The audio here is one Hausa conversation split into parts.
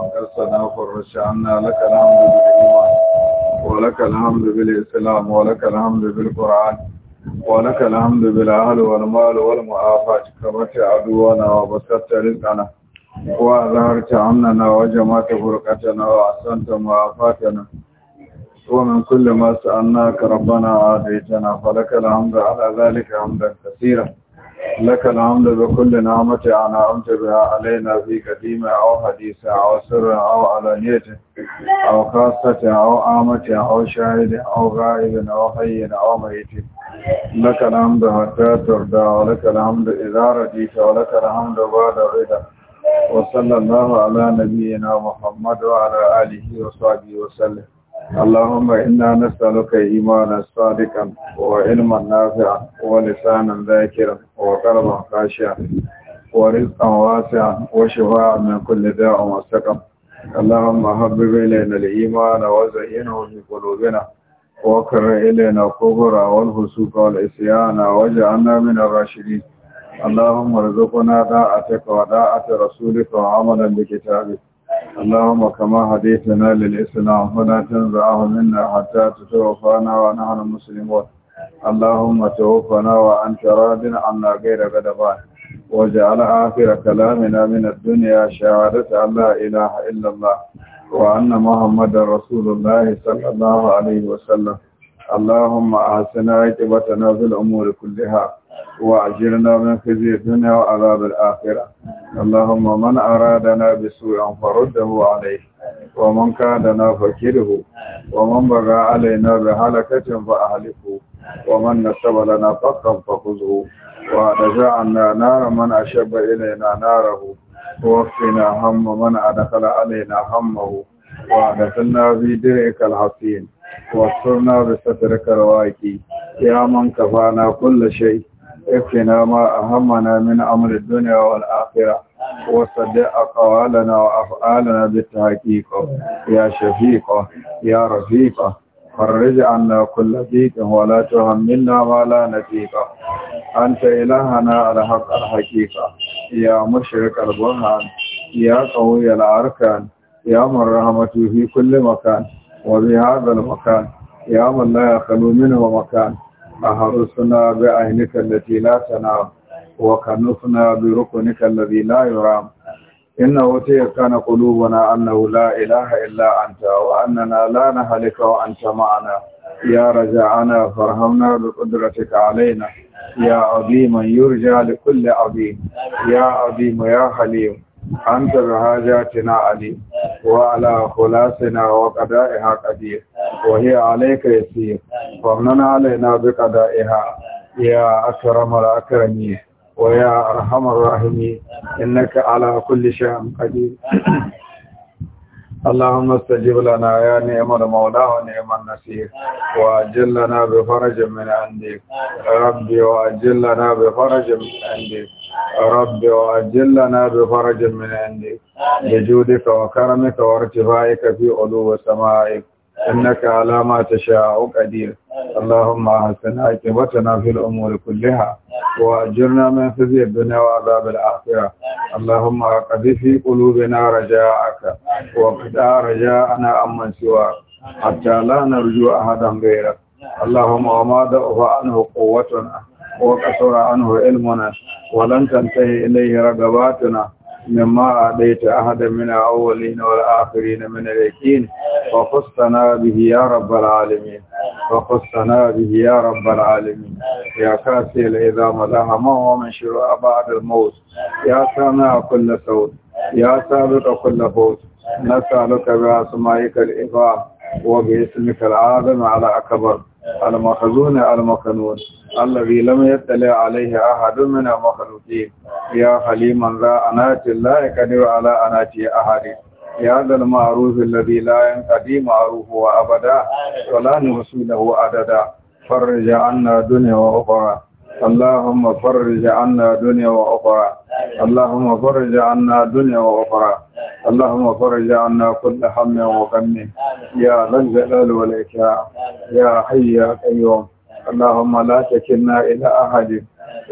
أرسلنا فرش عنا لك الحمد بالإيمان ولك الحمد بالإسلام ولك الحمد بالقرآن ولك الحمد بالأهل والمال والمعافاة كبرت عدونا وبسطت رزقنا وأظهرت أمننا وجمعت فرقتنا وأحسنت معافاتنا ومن كل ما سألناك ربنا عاديتنا فلك الحمد على ذلك حمدا كثيرا لك الحمد بكل نعمة أنعمت بها علينا في قديمة أو حديثة أو سر أو علانية أو خاصة أو عامة أو شاهد أو غائب أو حي أو ميت لك الحمد حتى ترضى ولك الحمد إذا رجيت ولك الحمد بعد رضا وصلى الله على نبينا محمد وعلى آله وصحبه وسلم اللهم إنا نسألك إيمانا صادقا وعلما نافعا ولسانا ذاكرا وقلبا خاشعا ورزقا واسعا وشفاعا من كل داء وسقم اللهم أحبب إلينا الإيمان وزينه في قلوبنا وكر إلينا القبر والفسوق والإسيان واجعلنا من الراشدين اللهم ارزقنا داعتك وطاعة رسولك وعملا بكتابك اللهم كما هديتنا للإسلام فلا تنزعه منا حتى تتوفانا ونحن مسلمون اللهم توفنا وأنت راض عنا غير غضبان واجعل آخر كلامنا من الدنيا شهادة أن لا إله إلا الله وأن محمدا رسول الله صلى الله عليه وسلم اللهم أحسن عاقبتنا في الأمور كلها وأجرنا من خزي الدنيا وعذاب الآخرة اللهم من أرادنا بسوء فرده عليه ومن كادنا فكره ومن بغى علينا بهلكة فأهلكه ومن نسب لنا فقا فخذه وأدفع عنا نار من أشب إلينا ناره ووفنا هم من أدخل علينا همه وأدخلنا في درعك الحصين واسترنا بسترك الواكي يا من كفانا كل شيء اكفنا ما أهمنا من أمر الدنيا والآخرة وصدق أقوالنا وأفعالنا بالتحقيق يا شفيق يا رفيق فرج عنا كل ضيق ولا تهملنا ما لا نفيق أنت إلهنا الحق الحقيقة يا مشرق البرهان يا قوي الأركان يا من رحمته في كل مكان وبهذا المكان يا من لا يخلو منه مكان أحرسنا بعينك التي لا تنام وكنفنا بركنك الذي لا يرام إنه تيكان قلوبنا أنه لا إله إلا أنت وأننا لا نهلك وأنت معنا يا رجعنا فارحمنا بقدرتك علينا يا عظيم يرجى لكل عظيم يا عظيم يا حليم أنت بحاجاتنا عليم وعلى خلاصنا وقضائها قدير وهي عليك يسير فمن علينا بقضائها يا أكرم الأكرمين ويا أرحم الراحمين إنك على كل شيء قدير اللهم استجب لنا يا نعم المولى ونعم النصير وأجل لنا بفرج من عندك ربي وأجل لنا بفرج من عندك ربي وأجل لنا بفرج من عندك بجودك وكرمك وارتفاعك في علو سمائك إنك على ما تشاء قدير اللهم أحسن عاقبتنا في الأمور كلها وأجرنا من خزي الدنيا وعذاب الآخرة اللهم أقض في قلوبنا رجاءك وقضى رجاءنا عمن سواك حتى لا نرجو أحدا غيرك اللهم وما دعوه عنه قوتنا وكسر عنه علمنا ولن تنتهي إليه رغباتنا مما أعطيت أحدا من الأولين والآخرين من اليقين وخصنا به يا رب العالمين وخصنا به يا رب العالمين يا كاسي العظام لها ما هو من شروع بعد الموت يا سامع كل صوت يا سابق كل فوت نسألك بأسمائك الإبام وباسمك العظم على أكبر المخزون المكنون الذي لم يطلع عليه أحد من المخلوقين يا حليما ذا أنات لا يقدر على أنات أحد يا ذا المعروف الذي لا ينقضي معروفه أبدا ولا نحصي له عددا فرج عنا دنيا وأخرى اللهم فرج عنا دنيا وأخرى اللهم فرج عنا دنيا وأخرى اللهم فرج عنا كل هم وغم يا ذا الجلال والإكرام يا حي يا قيوم اللهم لا تكلنا إلى أحد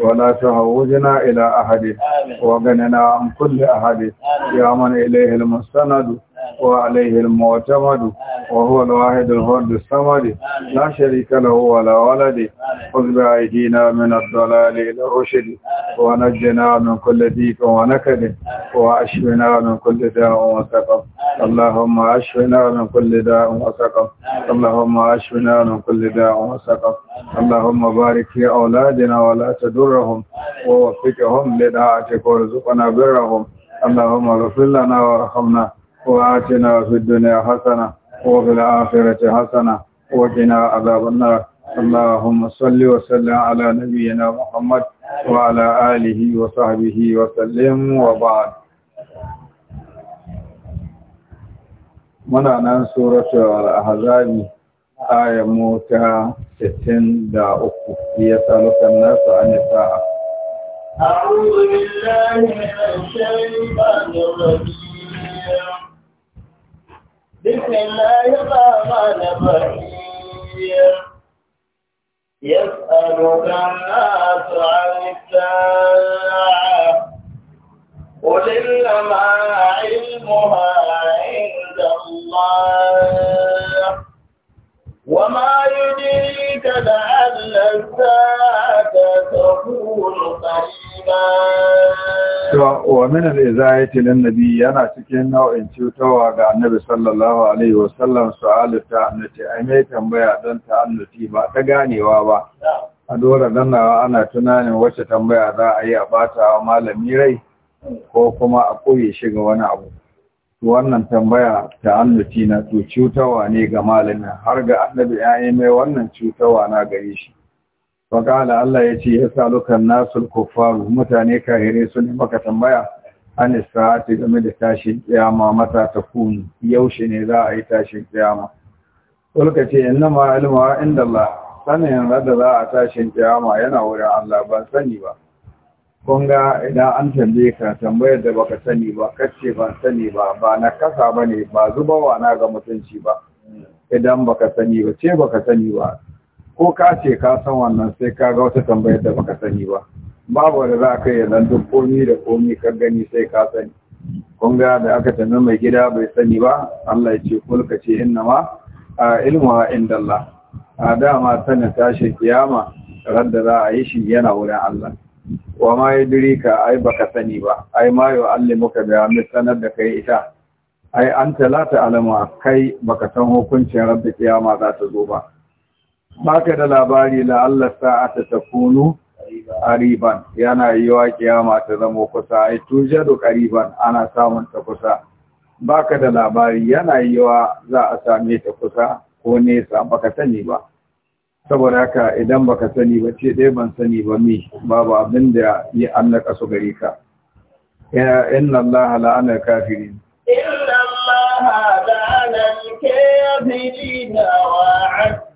ولا تهوجنا إلى أحد وغننا عن كل أحد يا من إليه المستند وعليه المعتمد وهو الواحد الفرد الصمد لا شريك له ولا ولد خذ بأيدينا من الضلال إلى الرشد ونجنا من كل ديك ونكد وأشفنا من كل داء وسقم اللهم أشفنا من كل داء وسقم اللهم أشفنا من كل داء وسقم اللهم بارك في أولادنا ولا تدرهم ووفقهم لدعاتك وارزقنا برهم اللهم اغفر لنا وارحمنا وآتنا في الدنيا حسنة وفي الآخرة حسنة وقنا عذاب النار اللهم صل وسلم على نبينا محمد وعلى آله وصحبه وسلم وبعد muna nan suratul al-ahzabi aya mota 63 ya salukan nasu an sa'a a'udhu billahi minash shaitanir rajim بسم الله الرحمن الرحيم يسألك الناس عن الساعة قل إنما علمها عند الله وما يدريك لعل الساعة تكون قريبا wa min al nabi yana cikin nau'in cutarwa ga Annabi sallallahu alaihi wasallam ta ta'annuti ai mai tambaya don ta'annuti ba ta ganewa ba a dora danawa ana tunanin wacce tambaya za a yi a bata wa malami rai ko kuma a koye shi ga wani abu wannan tambaya ta'annuti na to cutarwa ne ga malamin har ga Annabi ya yi mai wannan cutarwa na gare shi faƙala Allah ya ce ya salukan nasul kufaru mutane kahire su ne maka tambaya an sa'ati game da tashin kiyama mata ta kunu yaushe ne za a yi tashin kiyama kulka ce innama ilmuha inda Allah sanin da za a tashin kiyama yana wurin Allah ban sani ba kun ga idan an tambaye ka tambayar da baka sani ba kace ban sani ba ba na kasa bane ba zubawa na ga mutunci ba idan baka sani ba ce baka sani ba ko ka ce ka san wannan sai ka ga wata tambayar da baka sani ba babu da za ka yi zan duk komi da komi ka gani sai ka sani kun ga da aka tambi mai gida bai sani ba Allah ya ce kulka ce inna ma a ilmuwa inda Allah a dama sanin tashin kiyama da za a yi shi yana wurin Allah wa ma ya ka ai baka sani ba ai ma yau Allah muka biya mai sanar da kai ita ai an talata alama kai baka san hukuncin rabbi kiyama za ta zo ba baka da labari la Allah ta takunu Ariban yana yiwa kiyama ta zama kusa ai tujadu qariban ana samun ta kusa baka da labari yana yiwa za a same ta kusa ko nesa baka sani ba saboda haka idan baka sani ba ce dai ban sani ba mi babu abin da ya annaka su gari ka inna Allah la'anar kafiri inna Allah la'ana kafirin wa'ad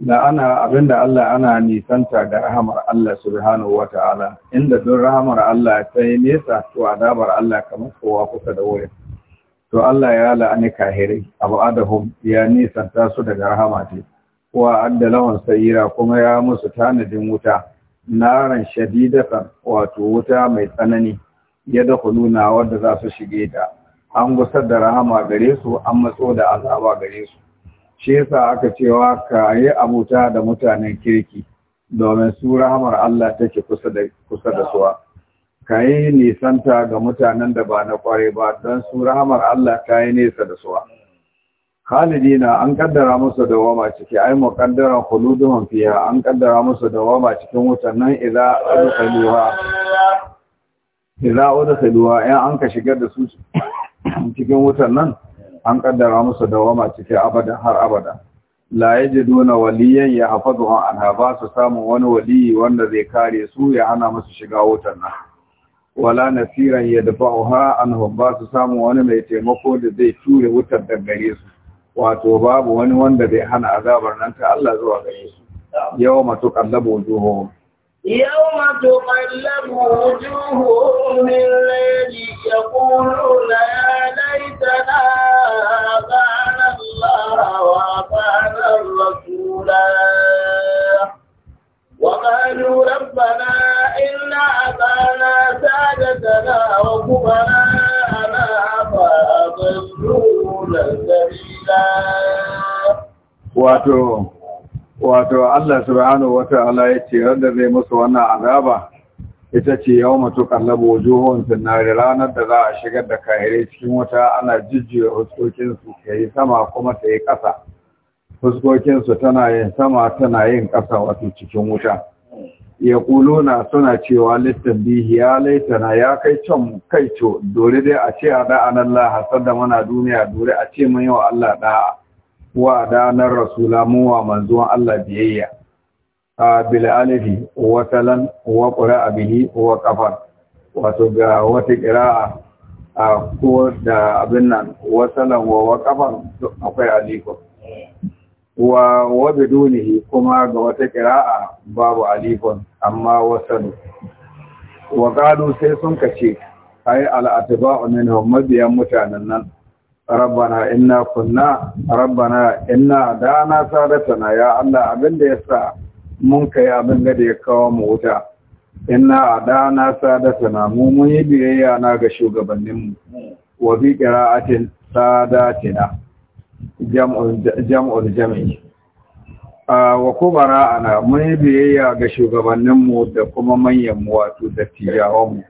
da ana abinda Allah ana nisanta da rahamar Allah subhanahu wa ta'ala inda don rahamar Allah ta yi nesa to adabar Allah kamar kowa kusa da wurin to Allah ya la'ani kahirai abu adahum ya nisanta su daga rahama ce wa adda lawan sayira kuma ya musu tanadin wuta naran shadidatan wato wuta mai tsanani ya da kuluna wadda za su shige ta an gusar da rahama gare su an matso da azaba gare su shi yasa aka cewa ka yi abuta da mutanen kirki domin su rahamar Allah take kusa da kusa da suwa ka yi nisanta ga mutanen da ba na kware ba don su rahamar Allah ta yi nesa da suwa na an kaddara musu da wama ciki ai kaddara khuluduhum fiha an kaddara musu da wama cikin wutan nan idza adkhaluha idza adkhaluha an ka shigar da su cikin wutan nan an kaddara musu dawama ciki abada har abada la yajiduna waliyan hafazu an ba su samu wani waliyi wanda zai kare su ya hana musu shiga wutar nan wala nasiran yadfa'uha an ba su samu wani mai taimako da zai ture wutar da gare su wato babu wani wanda zai hana azabar nan ta Allah zuwa gare su yawma tuqallabu wujuhuhum يوم تقلب وجوههم الليل يقولون يا ليتنا أطعنا الله وأطعنا الرسول وقالوا ربنا إنا أطعنا سادتنا وكبراءنا فأضلونا سبيلا. wato Allah subhanahu wata'ala ya ce wanda zai musu wannan azaba ita ce yau mutu kallabu wujuhun tunari ranar da za a shigar da kahirai cikin wata ana jijjiya fuskokinsu ya yi sama kuma ta yi ƙasa fuskokinsu tana yin sama tana yin kasa wato cikin wuta ya na suna cewa listan bihi ya laitana ya kai can kai co dore dai a ce a da'an Allah hasar da muna duniya dore a ce mun yi wa Allah da'a wa danar rasula mu wa manzon Allah biyayya a bil alifi wa talan wa qura bihi wa qafar wato ga wata qira'a a ko da abin nan wa talan wa wa qafar akwai alifin wa wa bidunihi kuma ga wata qira'a babu alifin amma wasalu wa qalu sai sun kace ai al-atba'u minhum mabiyan mutanen nan rabbana inna kunna rabbana inna dana sadatana ya Allah abinda yasa mun kai abin da ya kawo mu wuta inna dana sadatana mu mun biyayya na ga shugabannin mu wa bi qira'atin sadatina jam'ul jam'ul jam'i wa kubara ana mun yi biyayya ga shugabannin da kuma manyan mu wato dattijawan mu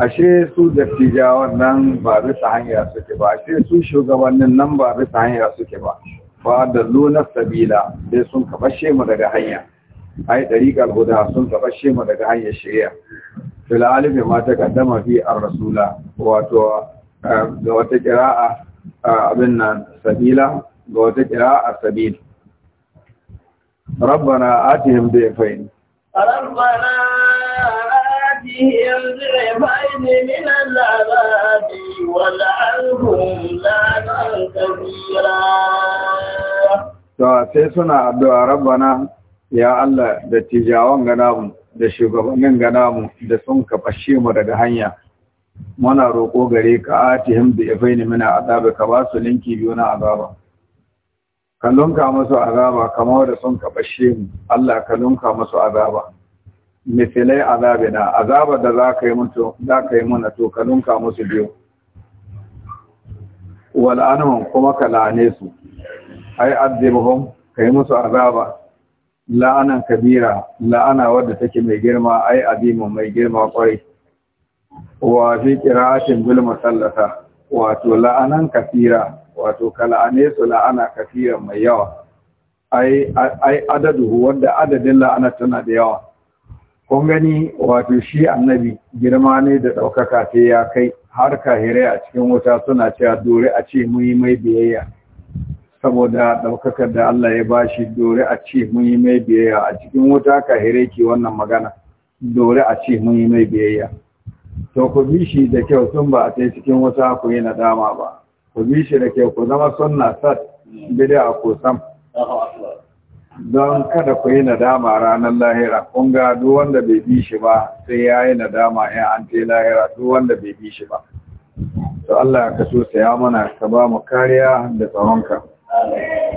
ashe su dattijawan nan ba bisa hanya suke ba ashe su shugabannin nan ba bisa hanya suke ba Ba da lunar sabila dai sun kabashe mu daga hanya ai dariƙar guda sun kabashe mu daga hanyar shari'a fil alimi ma ta kaddama fi ar-rasula wato eh, ga wata qira'a eh, abin nan sabila ga wata qira'a sabil ربنا آتهم ضعفين ربنا الضعفين sai suna addu'a rabana ya Allah da tijawan mu, da shugabannin mu da sun kafashe mu daga hanya muna roƙo gare ka atihim da faini mina azaba ka ba su linki biyu na azaba ka lunka musu azaba kamar da sun kafashe mu Allah ka lunka musu azaba misilai azabina azabar da za ka yi za mana to ka nunka musu biyu wal'anuhun kuma ka la'ane su ai azibhum ka yi musu azaba la'anan kabira la'ana wadda take mai girma ai azimu mai girma kwai. wa fi qira'atin bil musallata wato la'anan kafira wato ka la'ane su la'ana kafiran mai yawa ai adadu wanda adadin la'anar tana da yawa kun gani wato shi annabi girma ne da ɗaukaka sai ya kai har kahirai a cikin wuta suna cewa dore a ce mun yi mai biyayya saboda ɗaukakar da Allah ya bashi dore a ce mun yi mai biyayya a cikin wuta kahirai ke wannan magana dore a ce mun yi mai biyayya to ku bi shi da kyau tun ba a kai cikin wuta ku yi nadama ba ku bi shi da kyau ku zama sunna sat bid'a a sam don kada ku yi nadama ranar lahira kun ga duk wanda bai bi shi ba sai ya yi nadama ya an te lahira duk wanda bai bi shi ba to Allah ka so ya mana ka ba mu kariya da tsaronka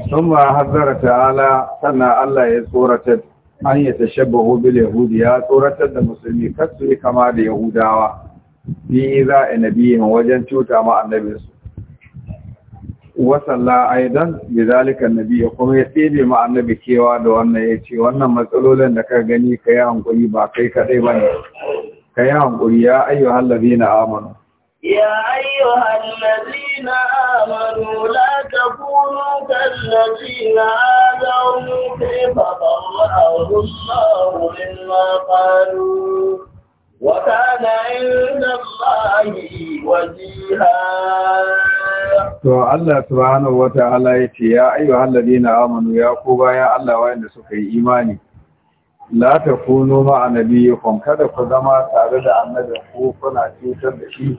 sun ma hazara ta'ala sannan Allah ya tsoratar an yi ta shabba bil yahudi ya tsoratar da musulmi kasu yi kama da yahudawa bi za a nabiyin wajen cuta ma annabinsu wasalla aidan bi zalika annabi kuma ya tsebe ma annabi cewa da wannan ya ce wannan matsalolin da ka gani ka yi hankuri ba kai kadai ba ne ka yi hankuri ya ayyu hallabi na amanu يا أيها الذين آمنوا لا تكونوا كالذين آذوا كيف الله لما قالوا وكان عند الله وجيها to Allah subhanahu wataala yace ya ayyuhal ladina amanu ya ko baya Allah wa yadda suka yi imani la takunu ma annabiyikum kada ku zama tare da annabi ko kuna cutar da shi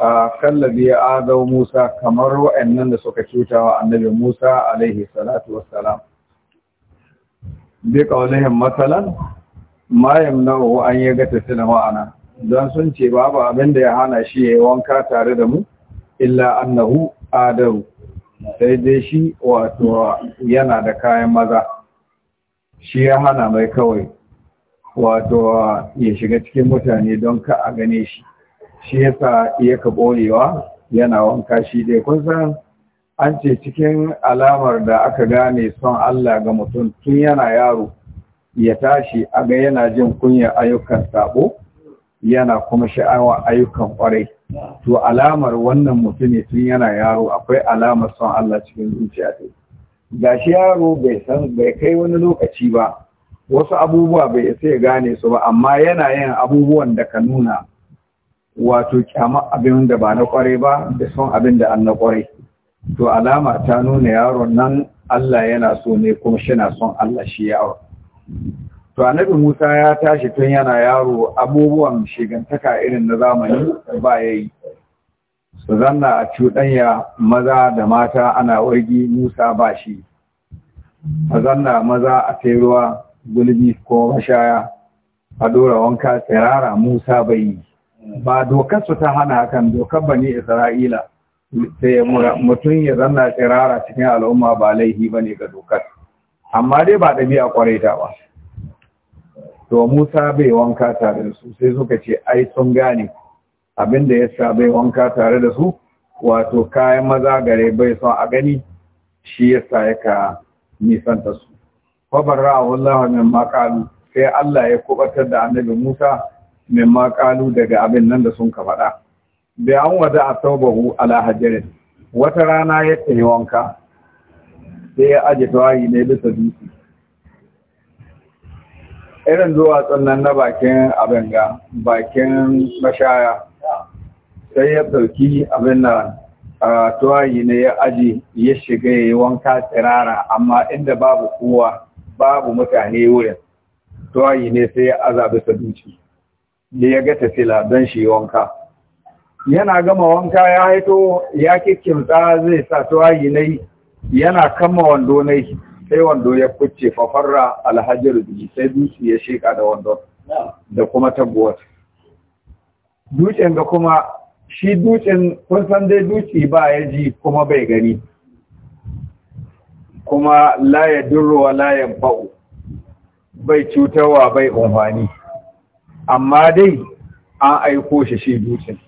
a kallabi adau Musa kamar wayannan da suka cuta wa annabi Musa alaihi salatu wassalam bi qawlihim ma wa an ga yaga tasila ma'ana don sun ce babu abin da ya hana shi ya yi wanka tare da mu illa annahu adaru sai dai shi wato yana da kayan maza shi ya hana mai kawai wato ya shiga cikin mutane don ka a gane shi shi yasa iya ka borewa yana wanka shi dai kun san an ce cikin alamar da aka gane son Allah ga mutum tun yana yaro ya tashi a ga yana jin kunya ayyukan sabo yana kuma sha'awa ayyukan kwarai to alamar wannan mutum ne tun yana yaro akwai alamar son Allah cikin zuciya ta shi yaro bai san bai kai wani lokaci ba wasu abubuwa bai isa ya gane su ba amma yana yin abubuwan da ka nuna wato kyama abin da ba na kwarai ba da son abin da an na kwarai to alama ta nuna yaron nan Allah yana so ne kuma shi na son Allah shi yaron to annabi Musa ya tashi tun yana yaro abubuwan shigantaka irin na zamani ba ya yayi su zanna a cuɗanya maza da mata ana wargi Musa ba shi a zanna maza a kai gulbi ko mashaya a dora wanka tsirara Musa bai yi ba dokar su ta hana hakan dokar ne Isra'ila sai mutum ya zanna tsirara cikin al'umma ba laihi ba ne ga dokar amma dai ba ɗabi'a kwarai ta ba to Musa bai wanka tare da su sai suka ce ai sun gane abinda ya sa bai wanka tare da su wato kayan maza gare bai son a gani shi ya ya sa ka nisan ta su fa barra'ahu Allah min sai Allah ya kubatar da annabi Musa min makalu daga abin nan da sun ka faɗa bi an wada asabahu ala hajjarin wata rana ya tayi wanka sai ya aje tawayi ne bisa dutse irin zuwa nan na bakin abin ga bakin mashaya sai ya ɗauki abin da tawayi ne ya aje ya shiga ya yi wanka tsirara amma inda babu kowa babu mutane wurin tawayi ne sai ya aza bisa dutse da ya ga tafila don shi wanka yana gama wanka ya haito ya kikkimta zai sa tawayi na yi yana kama wando ne sai wando ya kucce fafarra alhajar biyu sai dutse ya sheka da wando da kuma taguwar dutsen ga kuma shi dutsen kun san dai dutse ba ya ji kuma bai gani kuma laye durowa durruwa ba'u bai cutarwa bai umfani amma dai an aiko shi shi dutsen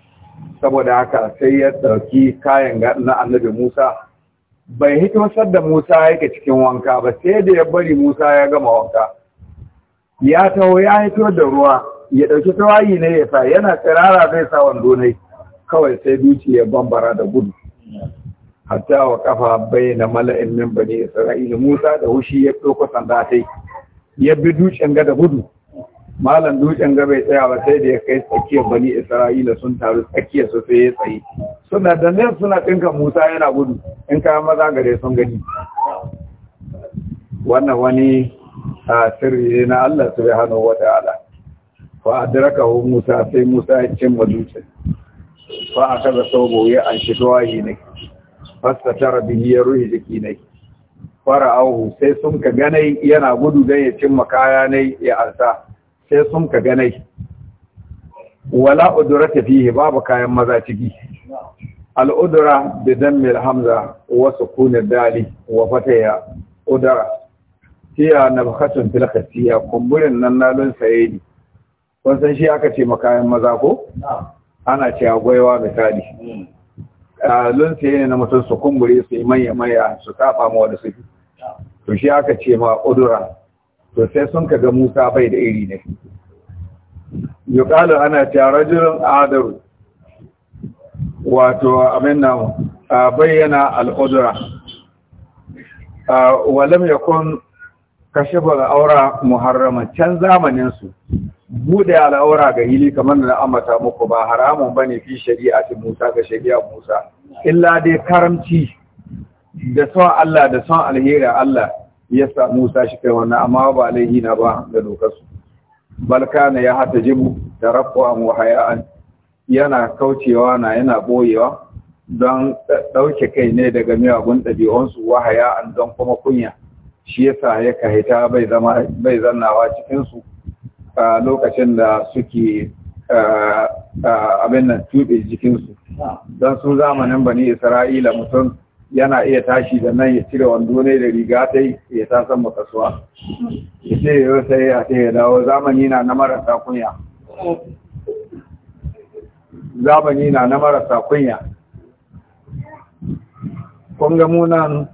saboda haka sai ya ɗauki kayan na annabi musa bai hikimasar da Musa yake cikin wanka ba sai da ya bari Musa ya gama wanka ya taho ya hito da ruwa ya ɗauki tawayi ne ya sa yana tsirara zai sa wando ne kawai sai duci ya bambara da gudu hatta wa kafa bayyana mala'in min bani Isra'ila Musa da hushi ya ɗauko sanda sai ya bi ducin ga da gudu malam ducin ga bai tsaya ba sai da ya kai tsakiyar bani Isra'ila sun taru tsakiyar su sai ya tsaye suna da nan suna ɗinka musa yana gudu in kayan maza gare sun gani wannan wani a sirri ne na Allah su bai hannu wata ala fa a diraka hu musa sai musa ya cin mazucin fa a kaza sau ya an shi yi ne fasta tara biyu ya ruhi jiki ne fara auhu sai sun ka ganai yana gudu don ya cimma makaya ne ya arsa sai sun ka ganai wala udurata fihi babu kayan maza ciki al'udura da zammil hamza wasu kunin dali wa fataya udara tiya na bukatun filakasiya kumburin nan nalon saye ne kun san shi aka ce makayan maza ko ana ce agwaiwa misali lun hmm. saye ne na mutum su kumburi su yi manya manya su kafa ma wani suke to shi aka ce ma udura to sai sun ka ga musa bai da iri ne yuqalu ana ce rajulun adaru wato mu. A bayyana al'udura walam yakun kashifa aura muharrama can zamaninsu, bude al'aura ga hili kamar da amata muku ba haramun ba ne fi shari'ati Musa ga shari'a Musa illa dai karamci da son Allah da son alheri Allah ya sa Musa shi kai wannan amma ba laihi na ba da dokar balka na ya hata jimu da rafu'an wa haya'an yana kaucewa na yana boyewa don ɗauke kai ne daga miyagun ɗabi'unsu wahaya an don kuma kunya shi yasa ya kahita bai zannawa cikinsu a lokacin da suke abin nan tuɗe jikinsu don sun zamanin bani isra'ila mutum yana iya tashi da nan ya cire wando ne da riga ta ya ta san makasuwa ya ce yau sai ya ce ya dawo zamani na na marasa kunya zamani na na marasa kunya kun ga munan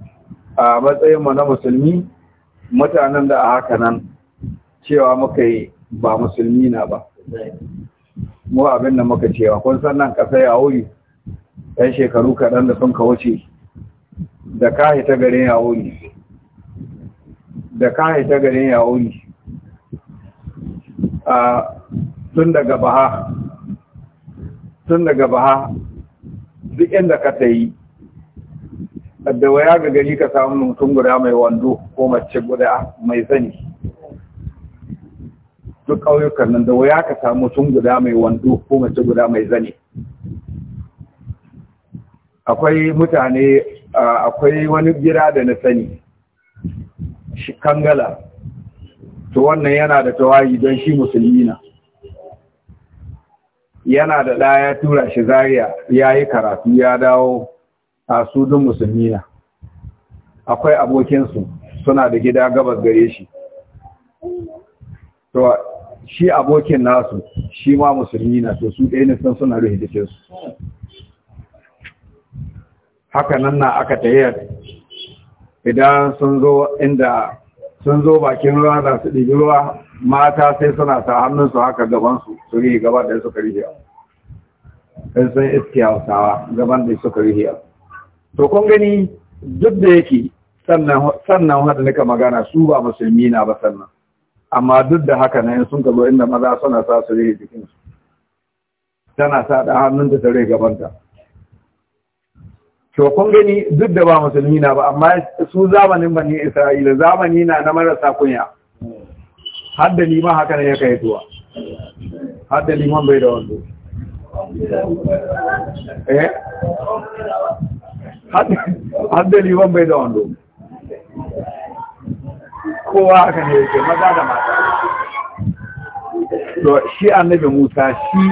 a matsayinmu na musulmi mutanen da a haka nan cewa muka yi ba musulmi na ba mu abin da muka cewa kun san nan kasai a wuri ɗan shekaru kaɗan da sun ka wuce da kahi ta garin ya wuri da ta garin ya a tun daga baha tun daga baha duk inda ka ta yi da waya ga gari ka samu mutum guda mai wando ko mace guda mai zani duk ƙauyukan nan da waya ka samu mutum guda mai wando ko mace guda mai zani akwai mutane akwai wani gida da na sani shi kangala to wannan yana da tawayi don shi musulmi na yana da ɗa ya tura shi zariya ya yi karatu ya dawo a sudun musulmi na akwai abokinsu suna da gida gabas gare shi to shi abokin nasu shi ma musulmi na to su ɗaya ne sun suna su. haka nan na aka tayar idan sun zo inda sun zo bakin ruwa za su ɗibi ruwa mata sai suna sa hannunsu haka gabansu su rihe gaba da suka rihe Sai sun iske hausawa gaban da suka rihe to kun gani duk da yake sannan hada nika magana su ba musulmi na ba sannan amma duk da haka na sun ka zo inda maza suna sa su rihe jikinsu tana sa da hannun ta rihe gabanta to kun gani duk da ba musulmi na ba amma su zamanin bani isra'ila zamani na na marasa kunya Hadda liman haka ne ya kai zuwa, hadda liman bai da wando eh hadda liman bai da wando kowa haka ne ke maza da mata to shi annabi Musa shi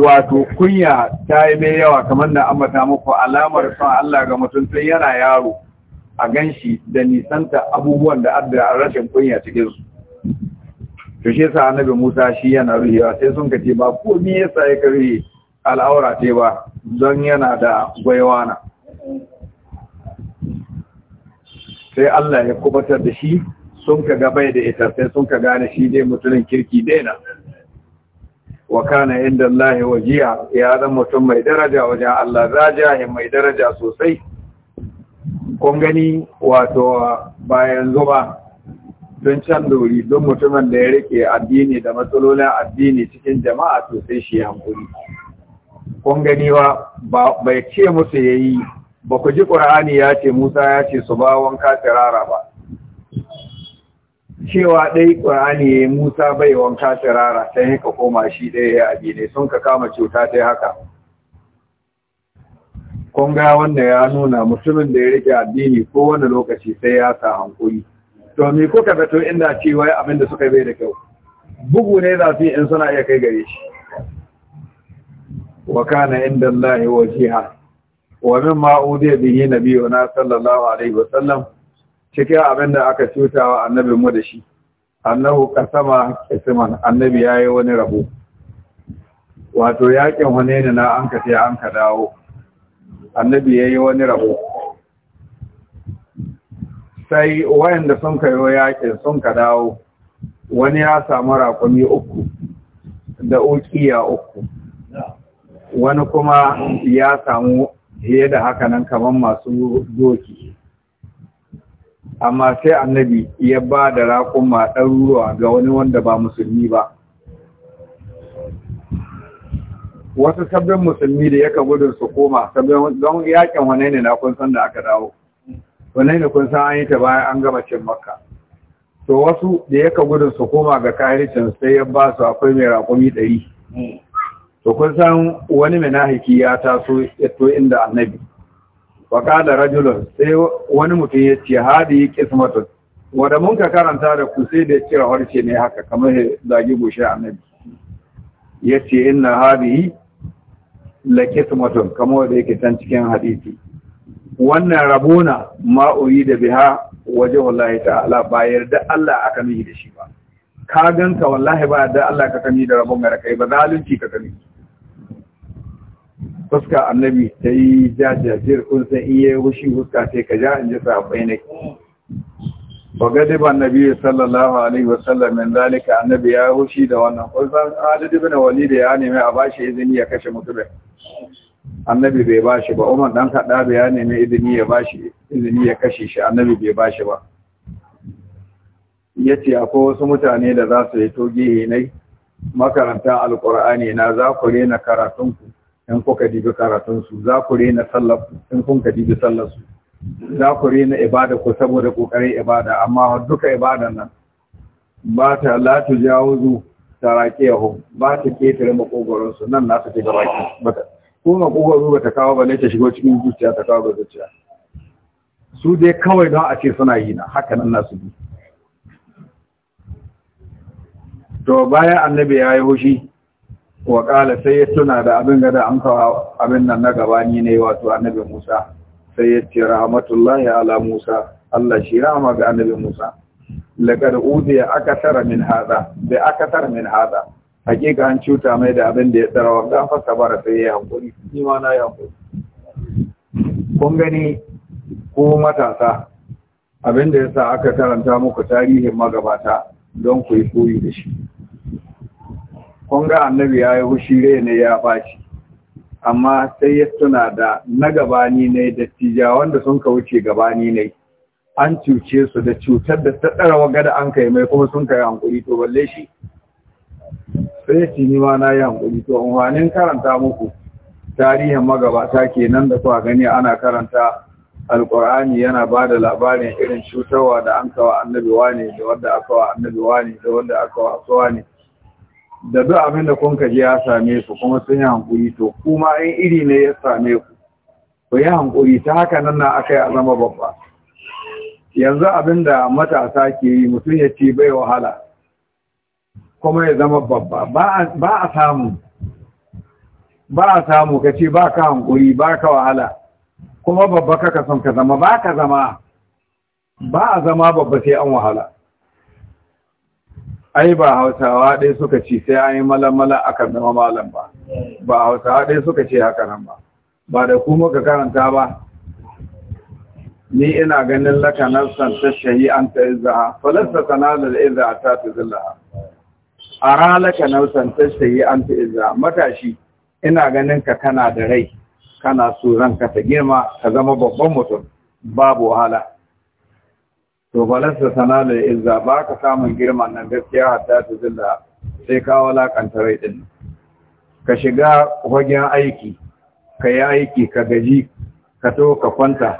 wato kunya ta yi mai yawa kamar da mata muku alamar son Allah ga mutum sai yana yaro a ganshi da nisanta abubuwan da adda rashin kunya cikin su to shi yasa annabi Musa shi yana ruhiya sai sun kace ba ko me yasa ya kare al'aura ce ba don yana da gwaiwana sai Allah ya kubatar da shi sun ka bai da ita sai sun ka gane shi dai mutumin kirki daina wa kana inda Allah wajiya ya zan mutum mai daraja wajen Allah ya mai daraja sosai kun gani wato ba yanzu ba don can dori don mutumin da ya rike addini da matsalolin addini cikin jama'a sosai sai shi hankuri kun gani ba bai ce musu ya yi ba ku ji ƙur'ani ya ce Musa ya ce su ba wanka tsirara ba cewa dai ya yi Musa bai wanka tsirara sai ka koma shi ɗaya ya addini sun ka kama cuta ta haka kun ga wanda ya nuna mutumin da ya rike addini kowane lokaci sai ya sa hankuri to me ko ka zato inda ce wai abin da suka bai da kyau bugu ne za su yi in suna iya kai gare shi wa kana inda Allah ha wa mimma udiya bihi nabiyuna sallallahu alaihi wasallam cikin abinda aka cutawa annabin mu da shi annahu qasama isman annabi yayi wani rabo wato yakin ne na an ka sai an ka dawo annabi yayi wani rabo sai wayanda sun kayo yaƙin sun ka dawo wani ya samu raƙumi uku da ukiya uku wani kuma ya samu fiye da hakanan nan kamar masu doki amma sai annabi ya ba da raƙuma ɗaruruwa ga wani wanda ba musulmi ba wasu sabbin musulmi da ya gudun su koma sabbin don yakin wane ne na kun san da aka dawo wannan da kun san an yi ta bayan an gama cin makka to wasu da yaka gudun su koma ga kahircin sai ya ba su akwai mai raƙumi ɗari to kun san wani nahiki ya taso ya to inda annabi wa qala rajulun sai wani mutum ya ce hadi qismatun wanda mun ka karanta da ku sai da cire harshe ne haka kamar zagi goshe annabi Ya ce inna hadi la qismatun kamar da yake can cikin hadisi wannan rabona oyi da biha waje wallahi ta'ala ba yarda Allah aka mihi da shi ba ka ganka wallahi ba yarda Allah ka kami da rabon gara kai ba zalunci ka kami fuska annabi ta yi jajajir kun san iya wushi fuska sai ka ja in ji bai ne ba gadi ba annabi sallallahu alaihi wa sallam min zalika annabi ya wushi da wannan kun san adadi bin walida ya nemi a bashi izini ya kashe mutumin annabi bai bashi ba umar dan kada ya nemi izini ya shi izini ya kashe shi annabi bai bashi ba yace akwai wasu mutane da za su yi toge ne makaranta alqur'ani na za ku rena karatun ku in kuka dibi karatun su za ku rena sallar in kun ka dibi sallarsu. su za ku rena ibada ku saboda kokarin ibada amma duka ibadan nan ba ta la tujawuzu tarakiyahu ba ta ketare makogoron su nan na su ta gabaki ko makogwaro ba ta kawo ba ta shigo cikin zuciya ta kawo zuciya su dai kawai don a ce suna yi na haka nan nasu bi to bayan annabi ya yi hushi wa kala sai ya tuna da abin gada an kawo abin nan na gaba ni ne wato annabi musa sai ya ce rahmatullahi ala musa allah shi rahama ga annabi musa laqad udiya tara min hada bi tara min hada hakika an cuta mai da abin da ya tsarawa ga fasa bara sai ya hankuri ni ma na yi hankuri kun gani ko matasa abin da ya sa aka karanta muku tarihin magabata don ku yi koyi da shi kun ga annabi ya yi hushi rai ne ya bashi, amma sai ya tuna da na gabani ne da tija wanda sun ka wuce gabani ne an cuce su da cutar da ta tsara waga an kai mai kuma sun kai hankuri to balle shi sai ni ma na yi hankali to amfanin karanta muku tarihin magabata kenan da kuka gani ana karanta alkur'ani yana ba da labarin irin cutarwa da an kawa annabi wane da wanda aka wa annabi wane da wanda aka wa asuwa ne da duk abin da kun kaji ya same su kuma sun yi hankuri to kuma in iri ne ya same ku ku yi hankuri ta haka nan na aka yi a zama babba yanzu abin da matasa ke yi mutum ya ci bai wahala kuma ya zama babba ba a samu ba a samu ka ce ba ka hankuri ba ka wahala kuma babba kaka son ka zama ba ka zama ba a zama babba sai an wahala ai ba hausawa ɗai suka ce sai an yi malamala kan zama malam ba ba hausawa ɗai suka ce haka nan ba ba da kuma ka karanta ba ni ina ganin lakanar santar shahi an ta izaha falasta da izaha ta ta zillaha a ralaka nausan yi an fi izra matashi ina ganin ka kana da rai kana so ranka ta girma ka zama babban mutum babu wahala to balasta sana da izra ba ka samun girman nan gaskiya hatta ta zilla sai ka walakanta rai din ka shiga wajen aiki ka yi aiki ka gaji ka to ka kwanta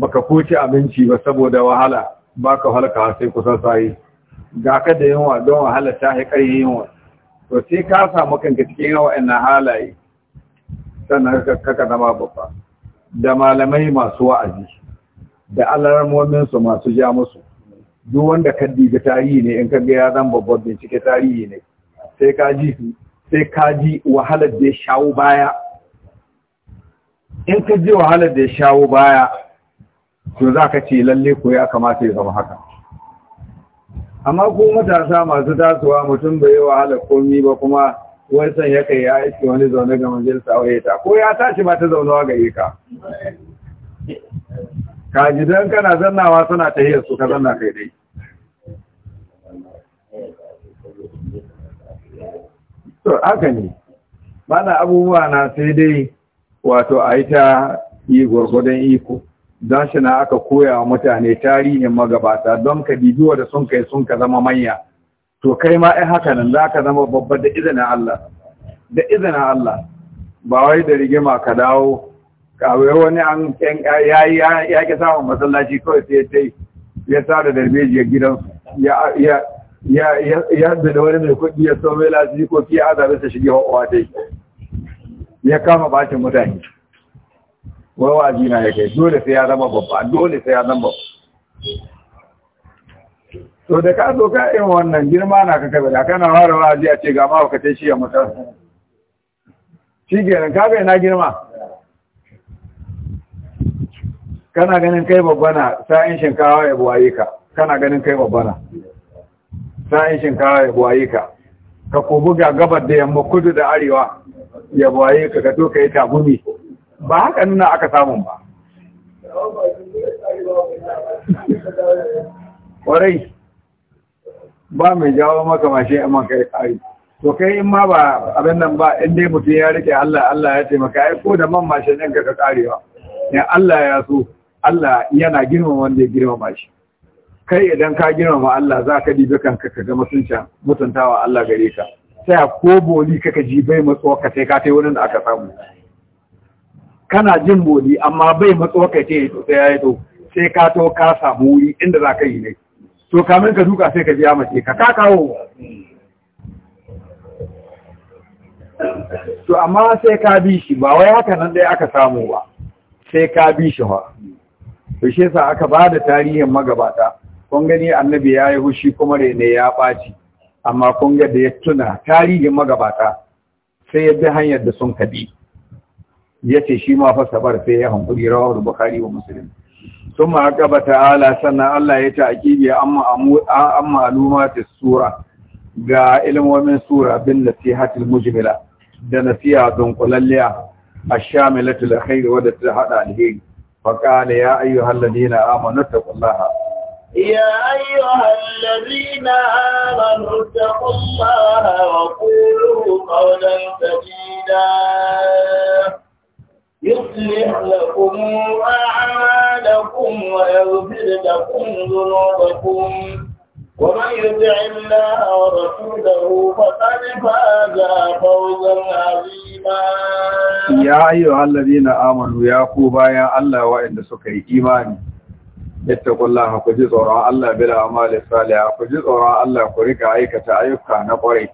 baka koci abinci ba saboda wahala baka halka sai kusa sai ga ka da yunwa don wahala ta haƙar yunwa to sai ka samu kanka cikin yawa ina halaye sannan ka da zama babba da malamai masu wa'azi da alarmomin su masu ja musu duk wanda ka diga tarihi ne in ka ga ya zan babba bincike tarihi ne sai ka ji sai ka ji wahalar da ya shawo baya in ka ji wahalar da ya shawo baya to za ka ce lalle ko ya kamata ya zama haka amma ko matasa masu tasowa mutum bai yi wahala komi ba kuma wani son ya kai ya aiki wani zaune ga majalisa a ta ko ya tashi ba ta zaunawa ga ka ka gidan kana zannawa suna ta hiyar su ka zanna kai dai to haka ne mana abubuwa na sai dai wato a yi ta yi gwargwadon iko don shi na aka koya wa mutane tarihin magabata don ka bibiwa da sun kai sun ka zama manya to kai ma ai haka nan za ka zama babba da izinin Allah da izinin Allah ba wai da rigima ka dawo kawai wani an ya ki samun masallaci kawai sai ce ya darbeji ya gidan ya yadda da wani mai kuɗi ya so mai ko fiye azabi ta shige wa ya kama bacin mutane wai wa'azi na ya dole sai ya zama babba dole sai ya zama babba to da ka zo ka yi wannan girma na kaka kabe da kana fara wa'azi a ce ga ma ka shi ya mutar shi kenan ka ga ina girma kana ganin kai babba na sa'in shinkawa ya buwaye ka kana ganin kai babba na sa'in shinkawa ya buwaye ka ka ko buga gabar da yamma kudu da arewa ya buwaye ka ka to ka yi tagumi ba haka nuna aka samun ba Kwarai, ba mai jawo maka a man kai ƙari to kai in ma ba abin nan ba inda mutum ya rike Allah Allah ya taimaka Ya ko da man mashi nan ka ƙarewa Ya Allah ya so Allah yana girmama wanda ya girmama shi kai idan ka girmama Allah za ka dibe kanka ka ga mutunta mutuntawa Allah gare ka sai ko boli kaka jibai matsuwa ka sai ka tai wurin da aka samu kana jin bodi amma bai matso kai ce to sai to sai ka to ka samu wuri inda za ka yi ne to kamin ka duka sai ka biya mace ka ka kawo to amma sai ka bi shi ba wai haka nan dai aka samu ba sai ka bi shi ba to shi yasa aka ba da tarihin magabata kun gani annabi ya yi hushi kuma ne ya ɓaci amma kun ga da ya tuna tarihin magabata sai ya bi hanyar da sun kaɗi ya ce shi ma fa sabar sai ya hankuli rawar bukari wa musulun sun ma ta'ala sannan Allah ya ta akibiya an maluma ga ilmomin sura bin nasihatul mujmila da nasiha don kulalliya a shamilatul khairu wadda ta haɗa alheri fa qala ya ayyuha alladhina amanu taqullaha ya ayyuha alladhina amanu taqullaha wa qulu qawlan sadida يصلح لكم أعمالكم ويغفر لكم ذنوبكم ومن يطع الله ورسوله فقد فاز فوزا عظيما يا أيها الذين آمنوا يا كوبا يا الله وإن سكي إيماني اتقوا الله ku ji tsoron Allah bil amali salih ku ji tsoron Allah ku rika aikata ayyuka na ƙwarai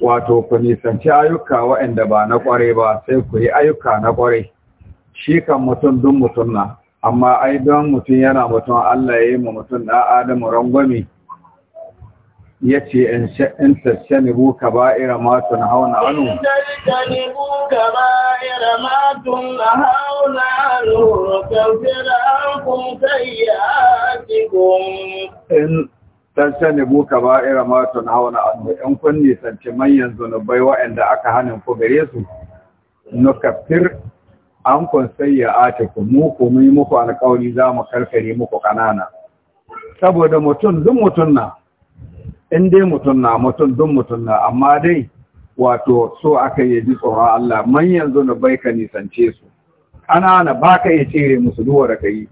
wato ku nisanci ayyuka waɗanda ba na ƙware ba sai ku yi ayyuka na ƙware shi kan mutum dun mutum na amma ai don mutum yana mutum Allah ya yi ma mutum na Adamu rangwami ya ce in tattani bu ka ba ira na hauna anu in dan sani ka ba ira ma tun hauna annu kun nisanci manyan zunubai waɗanda aka hana ku gare su nukafir an kun sayya atiku mu ku mu yi muku alƙawari za mu karkare muku ƙanana saboda mutum duk mutum na in dai mutum na mutum duk mutum na amma dai wato so aka yi ji tsoron Allah manyan zunubai ka nisance su ƙanana baka ka iya cire musu duwa da ka yi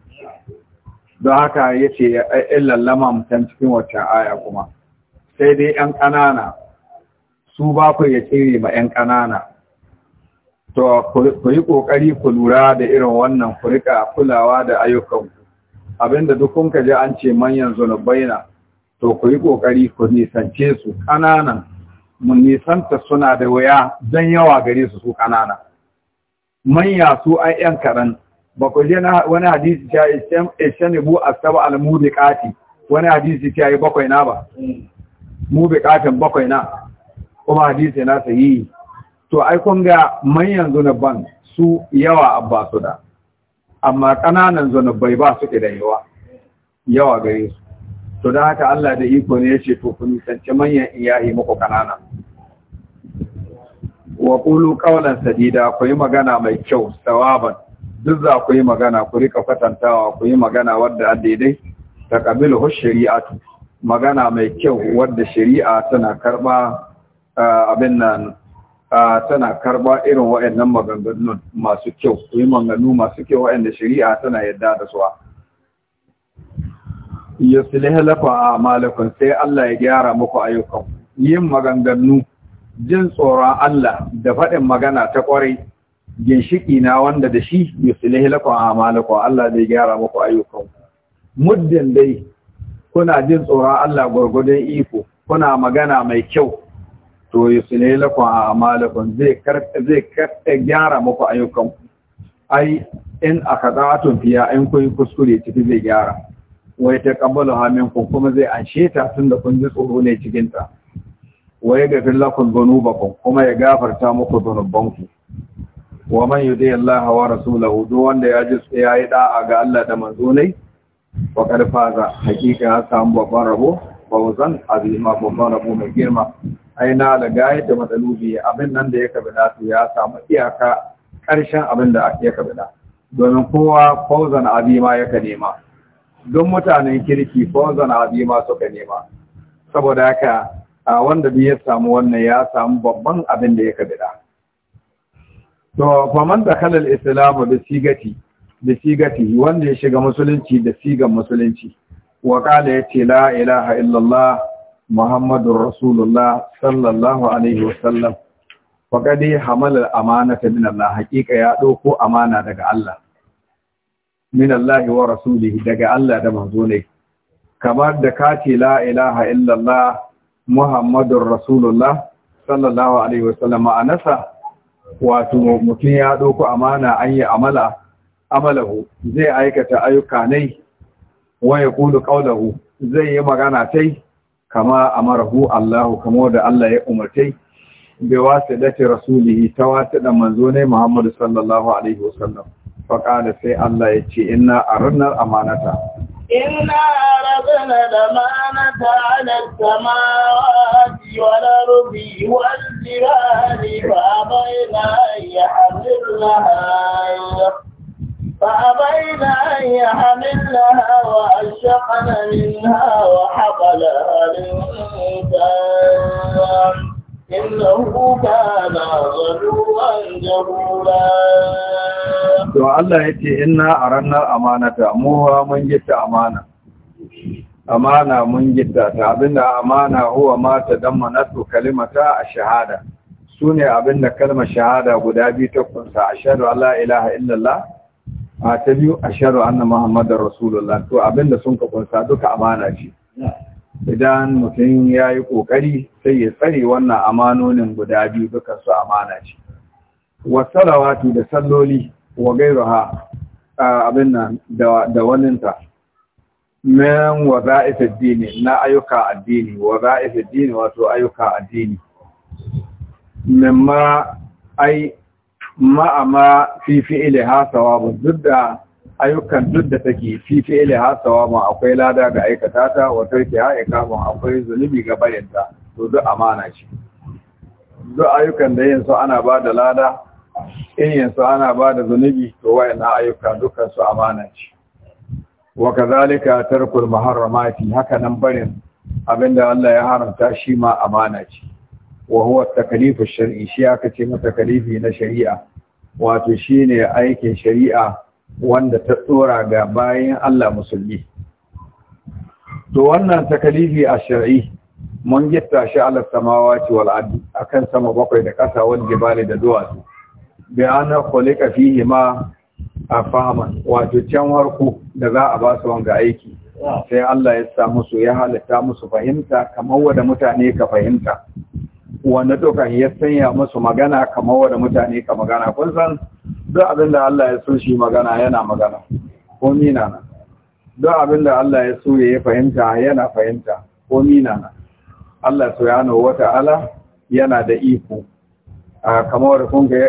don haka ya ce lallama mutan cikin waccan aya kuma sai dai ‘yan ƙanana su ba ku ya cire ma ‘yan ƙanana to ku yi ƙoƙari ku lura da irin wannan ku kulawa da ayyukanku abinda duk kun ji an ce manyan zunubaina to ku yi ƙoƙari ku nisance su ƙananan mun nisanta suna da waya don yawa gare su su ƙanana manya su ai ‘yan kaɗan ba ku je wani hadisi ta yi ishani bu a saba al-mubi kati wani hadisi ta yi bakwai na ba mubi katin bakwai na kuma hadisi na yi to ai kun ga manyan zunuban su yawa abba su da amma ƙananan zunubai ba su da yawa yawa gare su to da haka Allah da iko ne ya ce to kun nisanci manyan iyaye muku kanana wa qulu qawlan sadida ku yi magana mai kyau sawaban duk za ku yi magana ku rika kwatantawa ku yi magana wadda a daidai ta ƙabilu shari'atu magana mai kyau wadda shari'a tana karɓa abin nan tana karɓa irin waɗannan maganganu masu kyau ku yi maganganu masu kyau waɗanda shari'a tana yadda da su yuslih lakum a'malakum sai Allah ya gyara muku ayyukan yin maganganu jin tsoron Allah da faɗin magana ta ƙwarai ginshiki na wanda da shi yusulihi lakum a'malakum Allah zai gyara muku ayyukan muddin dai kuna jin tsoron Allah gwargwadon iko kuna magana mai kyau to yusulihi lakum a'malakum zai zai gyara maku ayyukan ai in akadatu fiya in kun kuskure ciki zai gyara wai ta kabbalu haminku kuma zai anshe ta tunda kun ji tsoro ne cikinta? ta wai ga lakum dhunubakum kuma ya gafarta muku zunubanku wa man yudi Allah wa rasulahu duk wanda ya ji ya yi da'a ga Allah da manzo ne wa karfa ga hakika ya samu babban rabo fawzan azima babban rabo mai girma aina da gaya da matsalubi abin nan da ya kabila su ya samu iyaka karshen abin da ya kabila domin kowa fawzan azima yaka nema don mutanen kirki fawzan azima suka nema saboda haka wanda bai ya samu wannan ya samu babban abin da ya kabila to faman da kalal islamu da sigati da sigati wanda ya shiga musulunci da sigan musulunci wa kala ya ce la ilaha illallah muhammadur rasulullah sallallahu alaihi wasallam faqad hamala al-amanata min Allah haqiqa ya dauko amana daga Allah min Allah wa rasulihi daga Allah da manzo ne kamar da ka ce la ilaha illallah muhammadur rasulullah sallallahu alaihi wasallam ma'anasa wato mutum ya ɗauko amana an yi amala amalahu zai aikata ayyuka nai wa ya kulu qawlahu zai yi magana tai kama amarahu Allahu, kama da Allah ya umartai bi wasilati rasulihi ta ɗan manzo ne Muhammad sallallahu alaihi wasallam fa da sai Allah ya ce inna ranar amanata إنا عرضنا الأمانة على السماوات والأرض والجبال فأبينا أن يحملنها فأبين أن يحملنها وأشقنا منها وحقلها الإنسان إنه كان غلوا جهولا to Allah ya ce inna a ranar amanata muwa mun gita amana amana mun gita ta abinda amana huwa mata dan manatu kalimata a shahada su ne abinda kalmar shahada guda biyu ta kunsa a an la ilaha illallah a ta biyu a ashhadu anna Muhammadu rasulullah to abinda sun ka kunsa duka amana ce idan mutum ya yi ƙoƙari sai ya tsare wannan amanonin guda biyu dukansu amana ce wasu salawatu da salloli wa gairuha abin nan da waninta min waza'ifa dini na ayyuka addini waza'ifa dini wato ayyuka addini mimma ai fifi fi ha sawabun duk da ayyukan duk da take fi ha sawabu akwai lada ga aikata ta ke tarkiha ikamun akwai zunubi ga bayyanta to duk amana ce duk ayyukan da yin su ana ba da lada in yanzu ana ba da zunubi to wayannan ayyuka dukkan su amana ce wa kazalika tarkul muharramati haka nan barin da Allah ya haramta shi ma amana ce wa huwa takalifu shar'i shi aka ce masa takalifi na shari'a wato shine aikin shari'a wanda ta tsora ga bayan Allah musulmi to wannan takalifi a shar'i mun gitta shi ala samawati wal ardi akan sama bakwai da kasa wal jibali da duwatsu bayanar kwalika fi fihi ma fama wato can harko da za a ba su wanga aiki sai Allah ya sa musu ya halitta musu fahimta kamar wanda mutane ka fahimta wanda dokan ya sanya musu magana kamar wanda mutane ka magana kun san duk abin da Allah ya so shi magana yana magana ko mina na duk abin da Allah ya so ya fahimta yana fahimta ko mina na Allah subhanahu wata'ala yana da iko kamar kun ga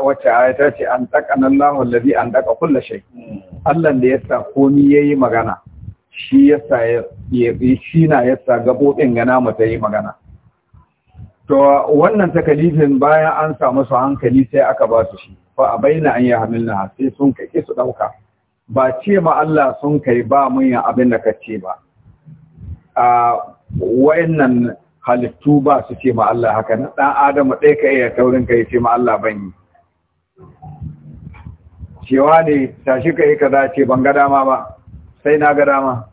wacce ayata ce an nan Allahu allazi an daka kullu shay Allah da yasa komi yayi magana shi yasa ya shi na yasa gabobin gana mu ta yi magana to wannan takalifin bayan an samu su hankali sai aka ba su shi fa abaina an yahmilna sai sun kai su ɗauka ba ce ma Allah sun kai ba mun yin abin da kace ba a wayannan halittu ba su ce ma Allah haka na ɗan Adamu ɗaya ka iya taurin ka ya ce ma Allah ban yi. Cewa ne tashi ka yi ka za ce ban ga dama ba, sai na ga dama.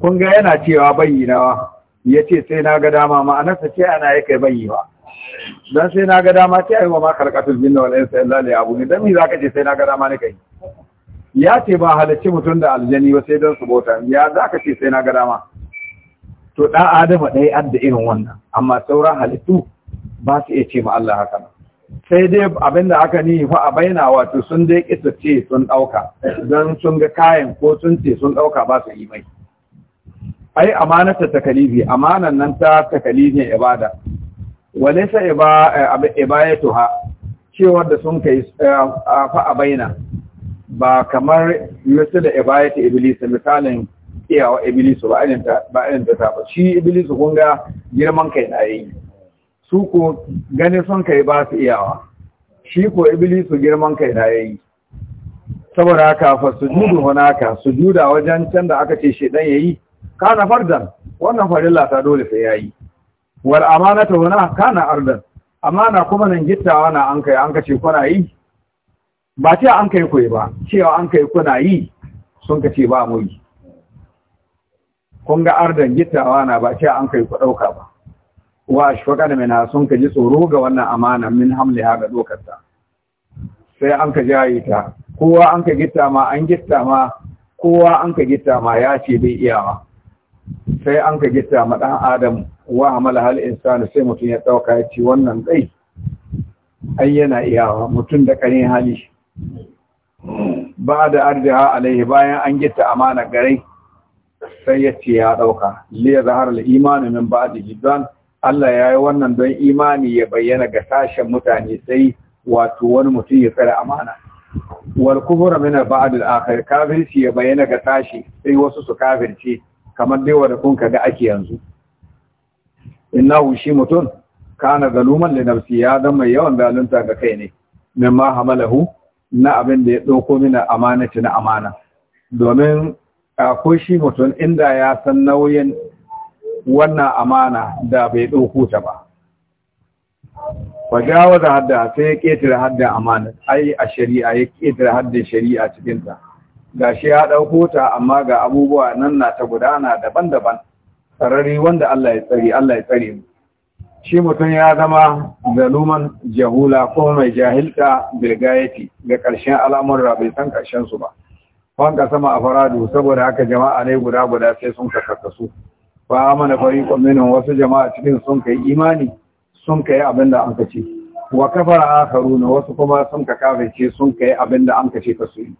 Kun ga yana cewa ban yi nawa, ya ce sai na ga dama ma'anarsa ce ana yi kai ban yi ba. Don sai na ga dama ce yi wa ma karkatul jinna wal insa illa ne abu ne mi me ka ce sai na ga dama ne kai. Ya ce ba halicci mutum da aljani ba sai don su bauta, ya za ka ce sai na ga dama. to ɗan adama ɗaya an da irin wannan amma sauran halittu ba su iya ce ma Allah haka sai dai abinda aka ni fa a bayyana wato sun dai kisa ce sun ɗauka don sun ga kayan ko sun ce sun ɗauka ba su yi mai ai ta takalifi amanan nan ta takalifin ibada walaisa eh, ibayatuha cewa da sun kai eh, fa a bayyana ba kamar yusuf da ibayatu iblis misalin iyawa Ibilisu ba irin ta ba ba shi Ibilisu kun ga girman kai na yi su ko ganin son kai ba su iyawa shi ko Ibilisu girman kai na yi saboda haka fa su sujudu hunaka sujuda wajen can da aka ce shedan yayi kana fardan wannan farilla ta dole sai yayi wal amanatu huna kana ardan amana kuma nan gittawa na an kai an kace kuna yi ba ce an kai koyi ba cewa an kai kuna yi sun kace ba mu yi kun ga ardan gittawa na ba ce an kai ku ɗauka ba wa shuka da mina sun ka ji tsoro ga wannan amana min hamle ha ga dokarta sai an ka jaye ta kowa an ka gitta ma an gitta ma kowa an ka gitta ma ya ce bai iyawa sai an ka gitta ma ɗan adam wa amala hal insani sai mutum ya ɗauka ya ce wannan ɗai ai yana iyawa mutum da ƙarin hali ba da arjiha alaihi bayan an gitta amana garai sai ya ce ya ɗauka liya zahar imanin min ba da gidan, Allah ya yi wannan don imani ya bayyana ga sashen mutane sai wato wani mutum ya tsara amana wal kufur min ba da akhir kafirci ya bayyana ga sashi sai wasu su kafirce kamar dai wanda kun kaga ake yanzu inna wushi mutum kana zaluman da nafsi ya dan mai yawan zalunta ga kai ne mimma hamalahu na abin da ya ɗauko mina amanaci na amana domin Akwai shi mutum inda ya san nauyin wannan amana da bai ɗauko ta ba fajawa da hadda sai ya ƙetare haddin amana ai a shari'a ya ƙetare haddin shari'a cikinta ga shi ya ɗauko ta amma ga abubuwa nan na ta gudana daban-daban tsarari wanda Allah ya tsari Allah ya tsare mu shi mutum ya zama da zaluman jahula ko mai jahilta bilgayeti ga ƙarshen al'amurra bai san ƙarshen su ba wanka sama a faradu saboda haka jama'a ne guda guda sai sun ka karkasu fa amana fariqun minhum wasu jama'a cikin sun kai imani sun kai abin da anka ce wa kafara na wasu kuma sun ka kafirce sun kai abin da anka ce kasu yi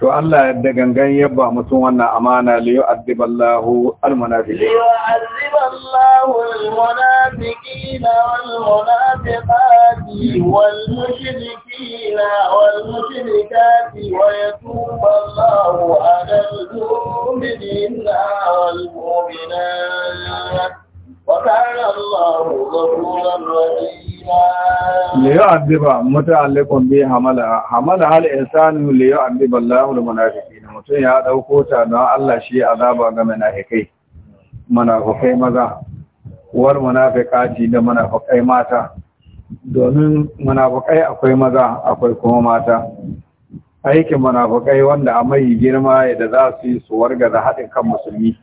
to Allah da gangan yabba mutum wannan amana li yu'adhiballahu almunafiqin li yu'adhiballahu almunafiqina walmunafiqati walmushrikina walmushrikati wa yatubu Allahu 'ala al-mu'minina wal-mu'minat وكان الله غفورا رحيما ليعذب متعلق به حملها حملها الإنسان ليعذب الله المنافقين mutum ya ɗauko ta don Allah shi azaba ga munafikai munafikai maza war munafiqati da munafikai mata domin munafikai akwai maza akwai kuma mata aikin munafikai wanda a mai girma da za su yi su warga da haɗin kan musulmi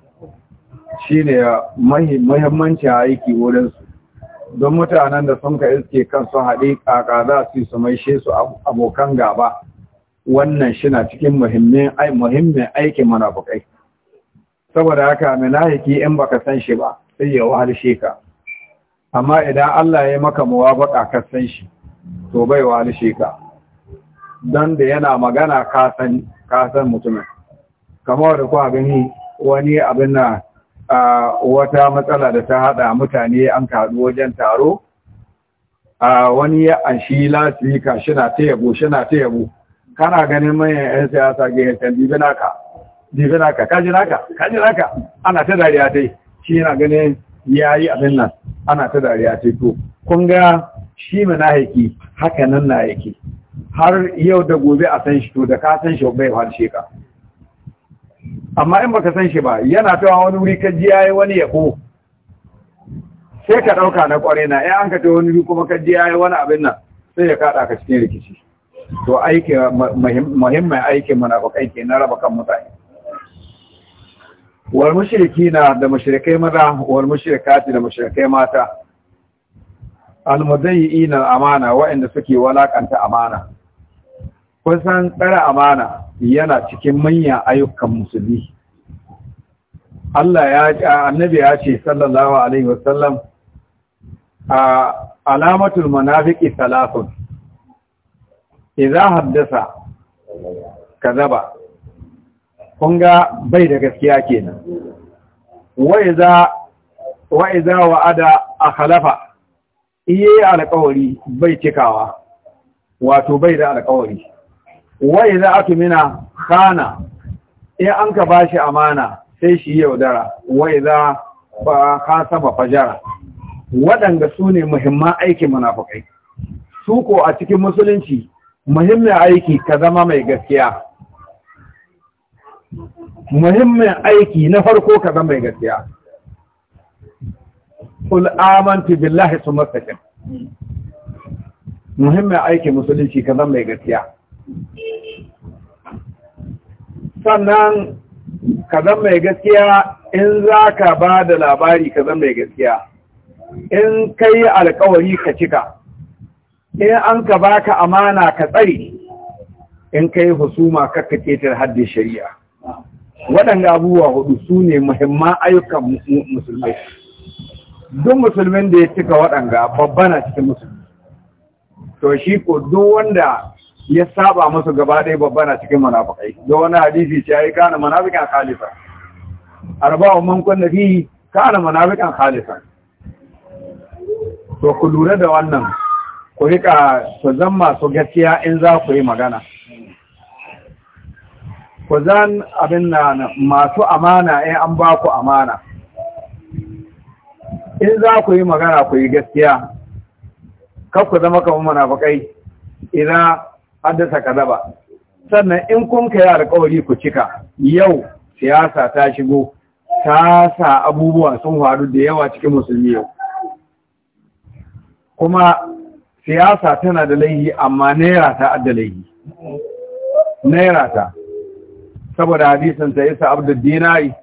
shi ne mahimmanci aiki wurinsu don mutanen da sun ka iske kansu haɗe ƙaƙa za su su maishe su abokan gaba wannan shi na cikin muhimmin aikin bukai. saboda haka munafiki in baka san shi ba sai ya wahalshe ka amma idan Allah ya maka baka ka san shi to bai wahalshe ka don da yana magana ka san mutumin kamar da ku gani wani abin na wata matsala da ta haɗa mutane an kaɗu wajen taro wani ya anshi lasirika shi na ta yabo shi na ta yabo kana ganin manyan 'yan siyasa ga yankan dibi naka ka jina ka, ka jina ka? ana ta dariya ta yi shi yana ganin ya yi abin nan ana ta dariya ta to kun ga shi mana yake haka nan na haiki har yau da gobe a san shi to da ka san shi bai harshe ka amma in baka san shi ba yana tawa wani wuri ka ji yayi wani yabo sai ka dauka na kware na eh an ka tawa wani wuri kuma ka ji yayi wani abin nan sai ya kada ka cikin rikici to aike muhimmin aikin munafikai ke na raba kan mutane wal mushrikina da mushrikai maza wal mushrikati da mushrikai mata al ina amana wa'anda suke walakanta amana kusan tsara amana yana cikin manyan ayyukan musulmi Allah ya annabi ya ce sallallahu alaihi wasallam a alamatul munafiqi salatun idza haddasa kun kunga bai da gaskiya kenan wa za wa ada wa'ada halafa? iye alƙawari bai cikawa wato bai da alƙawari wai za a tumina khana in an ka bashi amana sai shi yaudara wai za ba hasaba fajara waɗanda su ne muhimman aikin munafukai su ko a cikin musulunci muhimmin aiki ka zama mai gaskiya muhimmin aiki na farko ka zama mai gaskiya kul amantu billahi sumastaqim muhimmin aiki musulunci ka zama mai gaskiya sannan ka zan mai gaskiya in za ka ba da labari ka zan mai gaskiya in ka yi alkawari ka cika in an ka ba ka amana ka tsari in ka yi husuma ka ketar haddin shari'a waɗanda abubuwa hudu su ne muhimman ayyukan musulmai duk musulmin da ya cika waɗanda babba cikin musulmi to shi ko duk wanda ya saba musu gaba ɗaya babba na cikin munafikai da wani hadisi ce yi kana manafikan khalifa arba'u man kunna fi kana manafikan khalifa to ku lura da wannan ku rika ku zan masu gaskiya in za ku yi magana ku zan abin na masu amana in an ba ku amana in za ku yi magana ku yi gaskiya kar ku zama kamar munafikai idan haddasa zaba, sannan in kun ka yi alkawari ku cika yau siyasa ta shigo ta sa abubuwa sun faru da yawa cikin musulmi yau kuma siyasa tana da laihi amma naira ta adda laihi naira ta saboda hadisin ta isa abdul dinari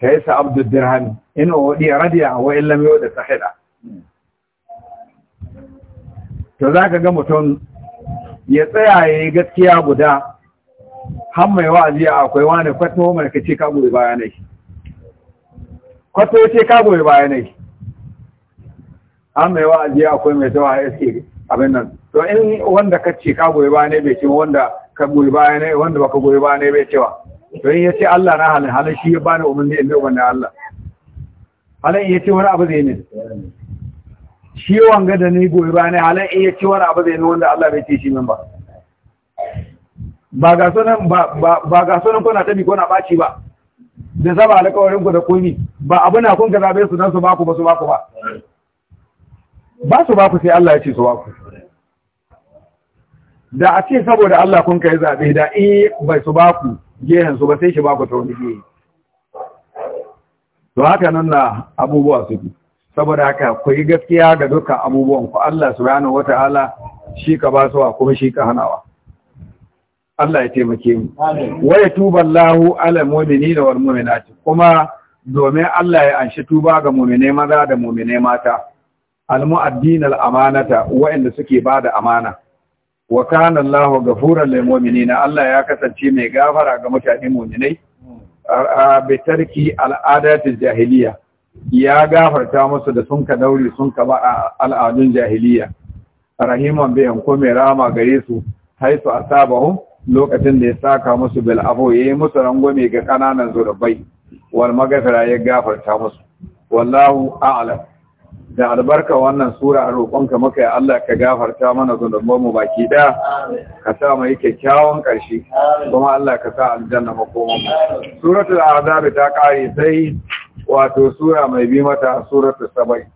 ta isa abdul dirhami in wadi radiya wa illam yau da sahida to zaka ga mutum ya tsaya ya yi gaskiya guda har mai wa'azi akwai wani kwato mai kace ka goyi bayanai kwato ce ka goyi bayanai har mai wa'azi akwai mai ya ce abin nan to in wanda ka ce ka goyi bayanai bai ce wanda ka goyi bayanai wanda baka goyi bayanai bai cewa to in ya ce Allah na halin halin shi ya bani umarni in bi umarni Allah halin ce wani abu zai ne shi gada ne ni goyi bayan halin iya ciwon abu zai wanda Allah bai ce shi min ba ba ga sunan ba ga sunan kuna tabi kuna baci ba da zaba alƙawarin ku da komi ba abu na kun zaɓe su nan su ba ku ba su ba ku ba ba su ba ku sai Allah ya ce su ba ku da a ce saboda Allah kun kai zaɓe da eh bai su ba ku gehen su ba sai shi ba ku ta wani gehe to haka nan na abubuwa suke saboda haka ku yi gaskiya ga dukkan abubuwan ku Allah subhanahu wata'ala shi ka ba su wa kuma shi ka hanawa Allah ya taimake mu wa tuba Allahu ala mu'minina wal mu'minati kuma domin Allah ya anshi tuba ga mu'mine maza da mu'mine mata al mu'addin al amanata wa'anda suke bada amana wa kana Allahu ghafuran lil mu'minina Allah ya kasance mai gafara ga mutane mu'minai hmm. a bitarki al jahiliya ya gafarta musu da sun ka daure sun ka ba al'adun jahiliya rahiman bai yanko mai rama gare su haisu asabahum lokacin da ya saka musu bil ya yayi musu rangwame ga kananan zurbai wal magafira ya gafarta musu wallahu a'lam da albarka wannan sura a roƙonka maka ya Allah ka gafarta mana zunuban mu baki da ka sa mu kyakkyawan ƙarshe kuma Allah ka sa aljanna makoman mu suratul azab ta kare sai wato sura mai bi mata suratul sabai